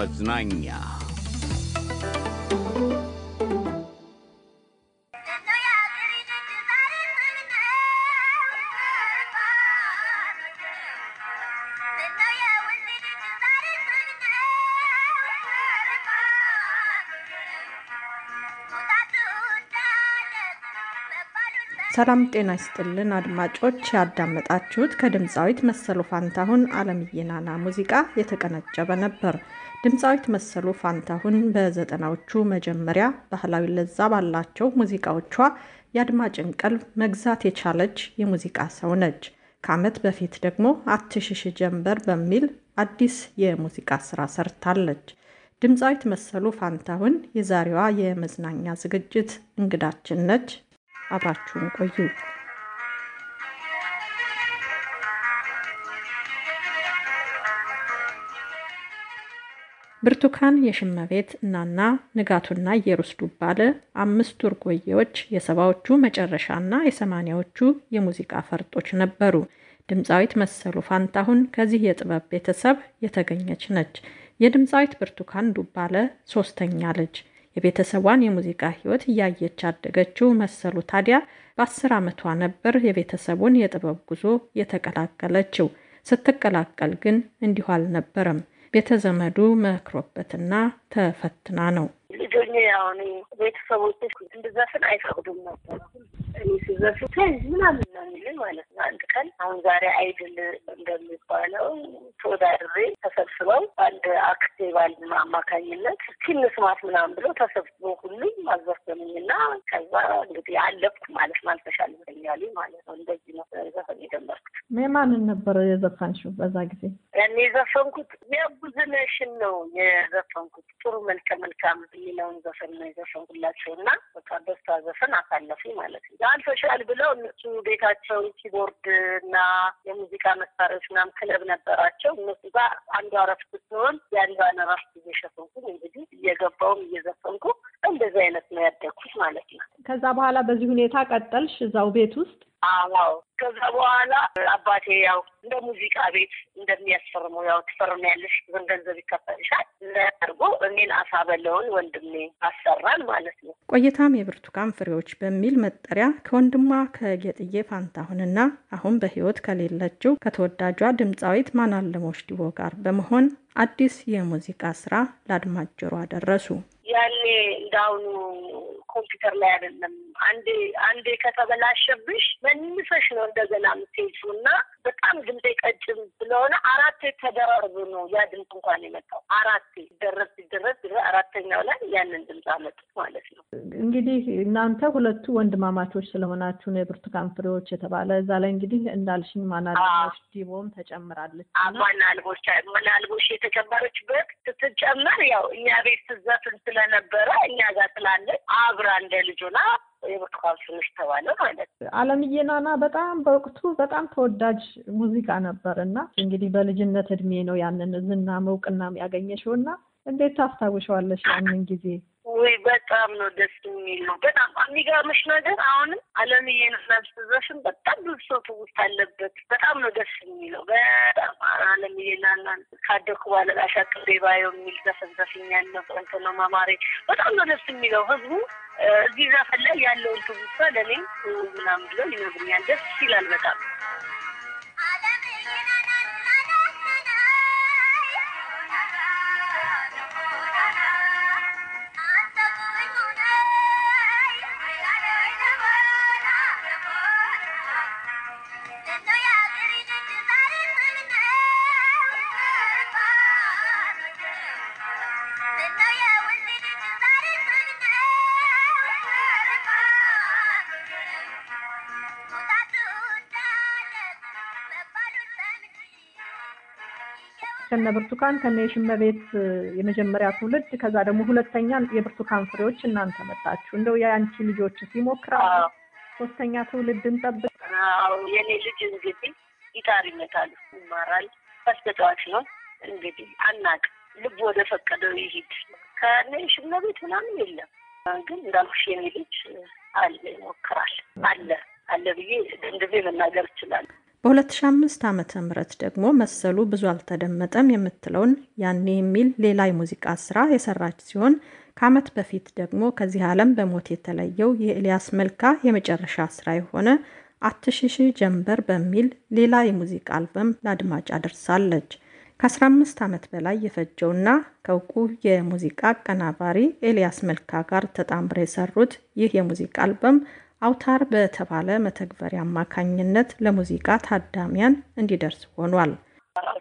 መዝናኛ ሰላም ጤና ይስጥልን አድማጮች፣ ያዳመጣችሁት ከድምፃዊት መሰሉ ፋንታሁን አለምየናና ሙዚቃ የተቀነጨበ ነበር። ድምፃዊት መሰሉ ፋንታሁን በዘጠናዎቹ መጀመሪያ ባህላዊ ለዛ ባላቸው ሙዚቃዎቿ የአድማጭን ቀልብ መግዛት የቻለች የሙዚቃ ሰው ነች። ከዓመት በፊት ደግሞ አትሽሽ ጀንበር በሚል አዲስ የሙዚቃ ስራ ሰርታለች። ድምፃዊት መሰሉ ፋንታሁን የዛሬዋ የመዝናኛ ዝግጅት እንግዳችን ነች። አብራችሁን ቆዩ። ብርቱካን የሽመ ቤት እናና ንጋቱና ኢየሩስ ዱባለ አምስቱ እርጎዬዎች የሰባዎቹ መጨረሻና የሰማኒያዎቹ የሙዚቃ ፈርጦች ነበሩ። ድምፃዊት መሰሉ ፋንታሁን ከዚህ የጥበብ ቤተሰብ የተገኘች ነች። የድምፃዊት ብርቱካን ዱባለ ሶስተኛ ልጅ። የቤተሰቧን የሙዚቃ ሕይወት እያየች ያደገችው መሰሉ ታዲያ በአስር ዓመቷ ነበር የቤተሰቡን የጥበብ ጉዞ የተቀላቀለችው። ስትቀላቀል ግን እንዲሁ አልነበረም። ቤተዘመዱ መክሮበትና ተፈትና ነው። ልጆኛ ያሁኑ ቤተሰቦች እንድዘፍን አይፈቅዱም ነበር። እኔ ስዘፍን ምናምን ነው የሚልን ማለት ነው። አንድ ቀን አሁን ዛሬ አይድል እንደሚባለው ተወዳድሬ ተሰብስበው አንድ አክቴ ባል አማካኝነት ኪንስማት ምናምን ብለው ተሰብስበው ሁሉም አዘፈኑኝና ከዛ እንግዲህ አለፍኩ ማለት ነው። አልተሻለኛል ማለት ነው። እንደዚህ ነው ዘፈን የጀመርኩ። ማንን ነበር የዘፈንሽው በዛ ጊዜ? እኔ የዘፈንኩት ሚያጉዝነሽን ነው የዘፈንኩት። ጥሩ መልከ መልካም የሚለውን ዘፈን ነው የዘፈንኩላቸው እና በቃ ደስታ ዘፈን አሳለፉ ማለት ነው። አልፈሻል ብለው እነሱ ቤታቸውን ኪቦርድ እና የሙዚቃ መሳሪያዎች ምናምን ክለብ ነበራቸው። እነሱ ጋር አንዷ እረፍት ሲሆን የአንዷን እረፍት እየሸፈንኩኝ እንግዲህ እየገባውም እየዘፈንኩ እንደዚህ አይነት ነው ያደግኩት ማለት ነው። ከዛ በኋላ በዚህ ሁኔታ ቀጠልሽ እዛው ቤት ውስጥ አዋው ከዛ በኋላ አባቴ ያው እንደ ሙዚቃ ቤት እንደሚያስፈርመው ያው ያለሽ ብር ገንዘብ ይከፈልሻል ለርጎ እኔን አሳበለውን ወንድሜ አሰራል ማለት ነው። ቆይታም የብርቱካን ፍሬዎች በሚል መጠሪያ ከወንድሟ ከጌጥዬ ፋንታሁንና አሁን በህይወት ከሌለችው ከተወዳጇ ድምፃዊት ማናለሞች ዲቦ ጋር በመሆን አዲስ የሙዚቃ ስራ ለአድማጭ ጆሮ አደረሱ። ያኔ እንዳሁኑ ኮምፒውተር ላይ አይደለም አንዴ አንዴ ከተበላሸብሽ መንፈሽ ነው እንደገና የምትሄጁ እና በጣም ድምጤ ቀጭም ስለሆነ አራቴ ተደራርቡ ነው ያ ድምፅ እንኳን የመጣው። አራቴ ይደረስ ሲደረስ አራተኛው ላይ ያንን ድምፅ አመጡ ማለት ነው። እንግዲህ እናንተ ሁለቱ ወንድማማቾች ስለሆናችሁ ነው የብርቱካን ፍሬዎች የተባለ እዛ ላይ እንግዲህ እንዳልሽኝ ማናልቦች ዲቦም ተጨምራለች። ማናልቦች ማናልቦች የተጨመረችበት ስትጨመር ያው እኛ ቤት ስዘፍን ስለነበረ እኛ ጋር ስላለች አብራ እንደ ልጁና የብርቱካን ስምሽ ተባለ ማለት ነው። አለምዬ ናና በጣም በወቅቱ በጣም ተወዳጅ ሙዚቃ ነበር እና እንግዲህ በልጅነት እድሜ ነው ያንን ዝና እውቅናም ያገኘሽው እና እንዴት ታስታውሸዋለሽ ያንን ጊዜ? ወይ በጣም ነው ደስ የሚለው። በጣም የሚገርምሽ ነገር አሁንም አለምዬ ናና ስትዘፍን በጣም ብዙ ሰው ትውስት አለበት። በጣም ነው ደስ የሚለው። በጣም አለምዬ ናና ካደኩ በኋላ አሻቅቤ ባየው የሚል ዘፈን ዘፍኛለሁ። እንትን ነው ማማሬ። በጣም ነው ደስ የሚለው ህዝቡ እዚህ ዘፈን ላይ ያለውን ትውስታ ለእኔም ምናምን ብለው ይነግሩኛል። ደስ ይላል በጣም yeah. ከነ ብርቱካን ከነ የሽመ ቤት የመጀመሪያ ትውልድ ከዛ ደግሞ ሁለተኛ የብርቱካን ፍሬዎች እናንተ መጣችሁ። እንደው የአንቺ ልጆች ሲሞክራ ሶስተኛ ትውልድ እንጠብቅ። የኔ ልጅ እንግዲህ ጊታር ይመታል፣ ይማራል፣ ኳስ ነው። እንግዲህ አናቅ ልብ ወደ ፈቀደው ይሂድ። ከነ የሽመ ቤት ምናምን የለም ግን እንዳልኩሽ የኔ ልጅ አለ ይሞክራል። አለ አለ ብዬ እንደዚህ መናገር ይችላል። በ2005 ም ደግሞ መሰሉ ብዙ አልተደመጠም የምትለውን ያኔ የሚል ሌላ የሙዚቃ ስራ የሰራች ሲሆን ከዓመት በፊት ደግሞ ከዚህ ዓለም በሞት የተለየው የኤልያስ መልካ የመጨረሻ ስራ የሆነ አትሽሽ ጀንበር በሚል ሌላ የሙዚቃ አልበም ለአድማጭ አደርሳለች። ከ15 ዓመት በላይ የፈጀውና ከእውቁ የሙዚቃ አቀናባሪ ኤልያስ መልካ ጋር ተጣምረ የሰሩት ይህ የሙዚቃ አልበም አውታር በተባለ መተግበሪያ አማካኝነት ለሙዚቃ ታዳሚያን እንዲደርስ ሆኗል።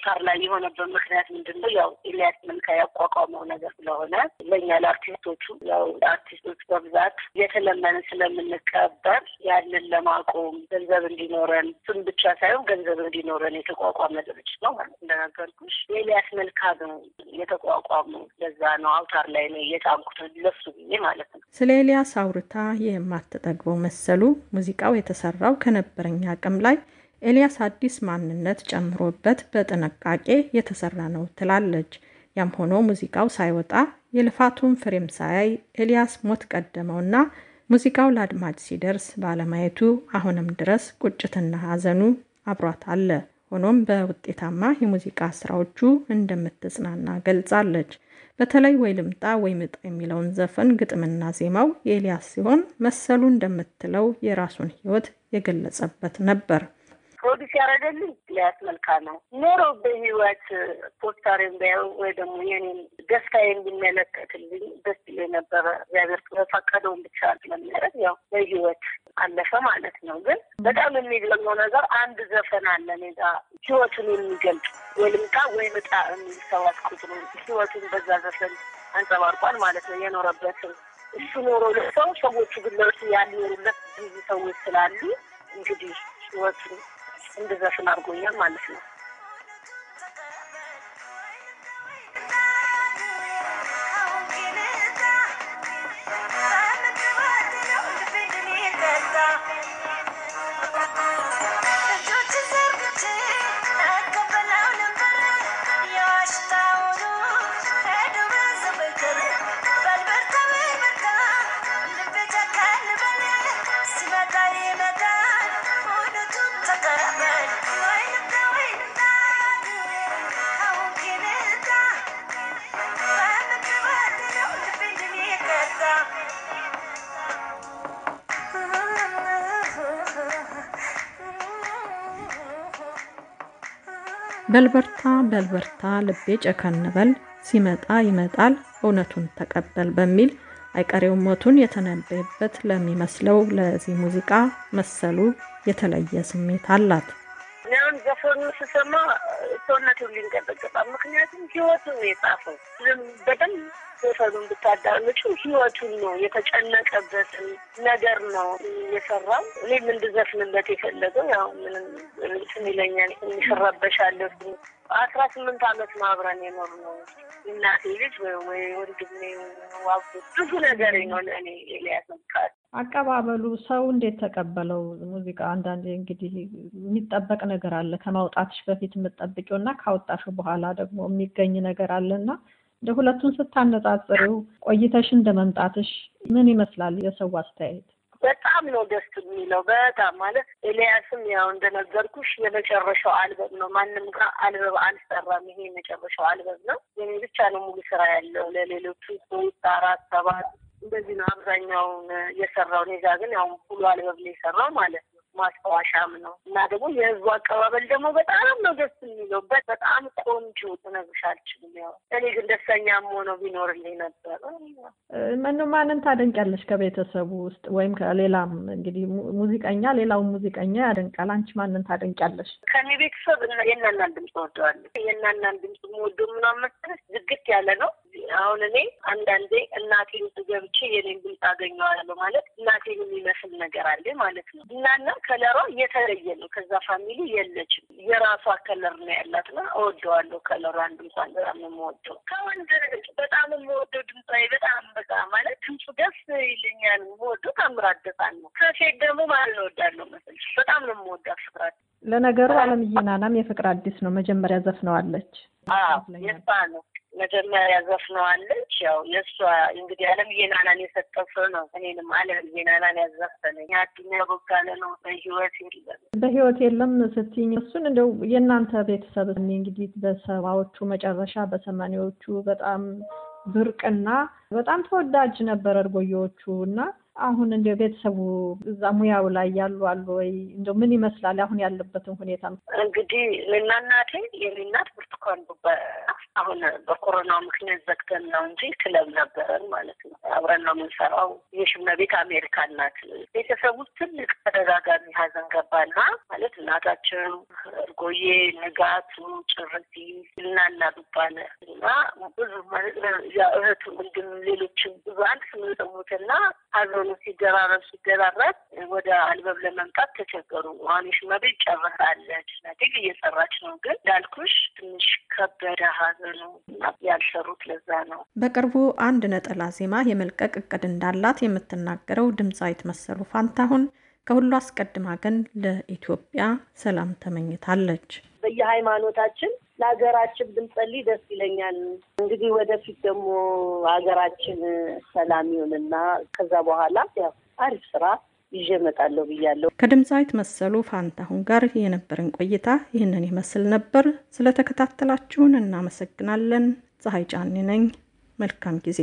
ሳር ላይ የሆነበት ምክንያት ምንድን ነው? ያው ኤልያስ መልካ ያቋቋመው ነገር ስለሆነ ለእኛ ለአርቲስቶቹ ያው አርቲስቶች በብዛት እየተለመን ስለምንቀበር ያንን ለማቆም ገንዘብ እንዲኖረን ስም ብቻ ሳይሆን ገንዘብ እንዲኖረን የተቋቋመ ድርጅት ነው ማለት እንደነገርኩሽ ኤልያስ መልካ ነው የተቋቋመው። ለዛ ነው አውታር ላይ ነው እየጫንኩት ለሱ ብዬ ማለት ነው። ስለ ኤልያስ አውርታ የማትጠግበው መሰሉ ሙዚቃው የተሰራው ከነበረኛ አቅም ላይ ኤልያስ አዲስ ማንነት ጨምሮበት በጥንቃቄ የተሰራ ነው ትላለች። ያም ሆኖ ሙዚቃው ሳይወጣ የልፋቱን ፍሬም ሳያይ ኤልያስ ሞት ቀደመውና ሙዚቃው ለአድማጭ ሲደርስ ባለማየቱ አሁንም ድረስ ቁጭትና ሐዘኑ አብሯት አለ። ሆኖም በውጤታማ የሙዚቃ ስራዎቹ እንደምትጽናና ገልጻለች። በተለይ ወይ ልምጣ ወይ ምጣ የሚለውን ዘፈን ግጥምና ዜማው የኤልያስ ሲሆን መሰሉ እንደምትለው የራሱን ሕይወት የገለጸበት ነበር። ፕሮዲስ ያደረገልኝ ሊያት መልካ ነው። ኖሮ በህይወት ፖስተሬን ቢያዩ ወይ ደግሞ የኔን ደስታዬን ቢመለከትልኝ ደስ ይለኝ ነበረ። እግዚአብሔር በፈቀደውን ብቻ ስለሚያደርግ ያው በህይወት አለፈ ማለት ነው። ግን በጣም የሚገርመው ነገር አንድ ዘፈን አለ ኔጋ ህይወቱን የሚገልጽ ወልምጣ ወይ ምጣ የሚል ሰባት ቁጥሩ ህይወቱን በዛ ዘፈን አንጸባርቋል ማለት ነው የኖረበትን እሱ ኖሮ ለሰው ሰዎቹ ግለሱ ያልኖሩለት ብዙ ሰዎች ስላሉ እንግዲህ ህይወቱን እንደዛ ስም አድርጎኛል ማለት ነው። በልበርታ በልበርታ ልቤ ጨከንበል ሲመጣ ይመጣል እውነቱን ተቀበል በሚል አይቀሬው ሞቱን የተነበየበት ለሚመስለው ለዚህ ሙዚቃ መሰሉ የተለየ ስሜት አላት። እኔም ዘፈኑ ስሰማ ሰውነቱ ሊንቀጠቀጣ ምክንያቱም ህይወቱ የጻፈው በደንብ ዘፈኑን ብታዳምጩ ህይወቱን ነው የተጨነቀበትን ነገር ነው የሰራው። እኔ እንድዘፍንበት የፈለገው ያው ምንም ስም ይለኛል ይሸረበሻለሁ። አስራ ስምንት አመት ማብረን አብረን የኖር ነው እናቴ ልጅ ወይ ወንድሜ ብዙ ነገር ነው ለእኔ ኤልያስ መካል አቀባበሉ ሰው እንዴት ተቀበለው? ሙዚቃ አንዳንዴ እንግዲህ የሚጠበቅ ነገር አለ ከማውጣትሽ በፊት የምጠብቂው እና ካወጣሽው በኋላ ደግሞ የሚገኝ ነገር አለ እና እንደ ሁለቱን ስታነጻጽሪው ቆይተሽ እንደ መምጣትሽ ምን ይመስላል የሰው አስተያየት? በጣም ነው ደስ የሚለው። በጣም ማለት ኤልያስም ያው እንደነገርኩሽ የመጨረሻው አልበብ ነው። ማንም ጋር አልበብ አልሰራም። ይሄ የመጨረሻው አልበብ ነው። የኔ ብቻ ነው ሙሉ ስራ ያለው። ለሌሎቹ ሶስት፣ አራት፣ ሰባት እንደዚህ ነው አብዛኛውን የሰራው። እኔ ጋ ግን ያው ሙሉ አልበብ ነው የሰራው ማለት ማስታወሻም ነው እና ደግሞ የህዝቡ አቀባበል ደግሞ በጣም ነው ደስ የሚለው። በጣም ቆንጆ ትነግርሽ አልችልም። ያው እኔ ግን ደስተኛም ሆነው ቢኖርልኝ ነበር። መኑ ማንን ታደንቂያለሽ ከቤተሰቡ ውስጥ ወይም ከሌላም? እንግዲህ ሙዚቀኛ ሌላው ሙዚቀኛ ያደንቃል። አንቺ ማንን ታደንቂያለሽ? ከኔ ቤተሰብ የእናናን ድምፅ ወደዋለ የእናናን ድምፅ ወደ ምናምን መሰለሽ ዝግት ያለ ነው አሁን እኔ አንዳንዴ እናቴን ገብቼ የኔን ብልጽ አገኘዋለሁ ማለት እናቴን የሚመስል ነገር አለ ማለት ነው። እናና ከለሯ የተለየ ነው። ከዛ ፋሚሊ የለችም። የራሷ ከለር ነው ያላት ያላትና እወደዋለሁ። ከለሯ ድምጿን በጣም የምወደው ከወንድ በጣም የምወደው ድምፃዊ በጣም በቃ ማለት ድምፁ ደስ ይልኛል። የምወደው ታምራት ደሳለኝ ነው። ከሴት ደግሞ ማለት እወዳለሁ መሰለሽ በጣም ነው የምወዳት ፍቅራት ለነገሩ አለምዬ ናናም የፍቅር አዲስ ነው መጀመሪያ ዘፍነዋለች። የእሷ ነው መጀመሪያ ዘፍነዋለች። ያው የእሷ እንግዲህ አለም ዜናናን የሰጠው ሰው ነው። እኔንም አለም ዜናናን ያዘፈነኝ አዱኛ ቦጋለ ነው። በህይወት የለም በህይወት የለም ስትኝ እሱን እንደው የእናንተ ቤተሰብ እንግዲህ በሰባዎቹ መጨረሻ በሰማኒዎቹ በጣም ብርቅና በጣም ተወዳጅ ነበር እርጎዮቹ እና አሁን እንደ ቤተሰቡ እዛ ሙያው ላይ ያሉ አሉ ወይ? እንደው ምን ይመስላል አሁን ያለበትን ሁኔታ? ነው? እንግዲህ እኔና እናቴ የኔ እናት ብርቱካን ቡባ አሁን በኮሮና ምክንያት ዘግተን ነው እንጂ ክለብ ነበረን ማለት ነው። አብረን ነው የምንሰራው። የሽመ ቤት አሜሪካን ናት። ቤተሰቡ ትልቅ ተደጋጋሚ ሀዘን ገባና ማለት እናታችን እርጎዬ ንጋቱ ጭርቲ እናና እና ብዙ እህቱ ወንድም ሌሎችም ብዙ አንድ ስም የጠሙትና ሀዘኑ ሲደራረብ ሲደራረብ ወደ አልበብ ለመምጣት ተቸገሩ። አሁን ሽመቤ ጨርሳለች። ናቴግ እየሰራች ነው፣ ግን እንዳልኩሽ ትንሽ ከበደ ሀዘኑ ያልሰሩት ለዛ ነው። በቅርቡ አንድ ነጠላ ዜማ የመልቀቅ እቅድ እንዳላት የምትናገረው ድምፃዊት መሰሉ ፋንታሁን ከሁሉ አስቀድማ ግን ለኢትዮጵያ ሰላም ተመኝታለች። በየሃይማኖታችን ለሀገራችን ብንጸልይ ደስ ይለኛል። እንግዲህ ወደፊት ደግሞ ሀገራችን ሰላም ይሁንና ከዛ በኋላ ያው አሪፍ ስራ ይዤ እመጣለሁ ብያለሁ። ከድምፃዊት መሰሉ ፋንታሁን ጋር የነበረን ቆይታ ይህንን ይመስል ነበር። ስለተከታተላችሁን እናመሰግናለን። ፀሐይ ጫኔ ነኝ። መልካም ጊዜ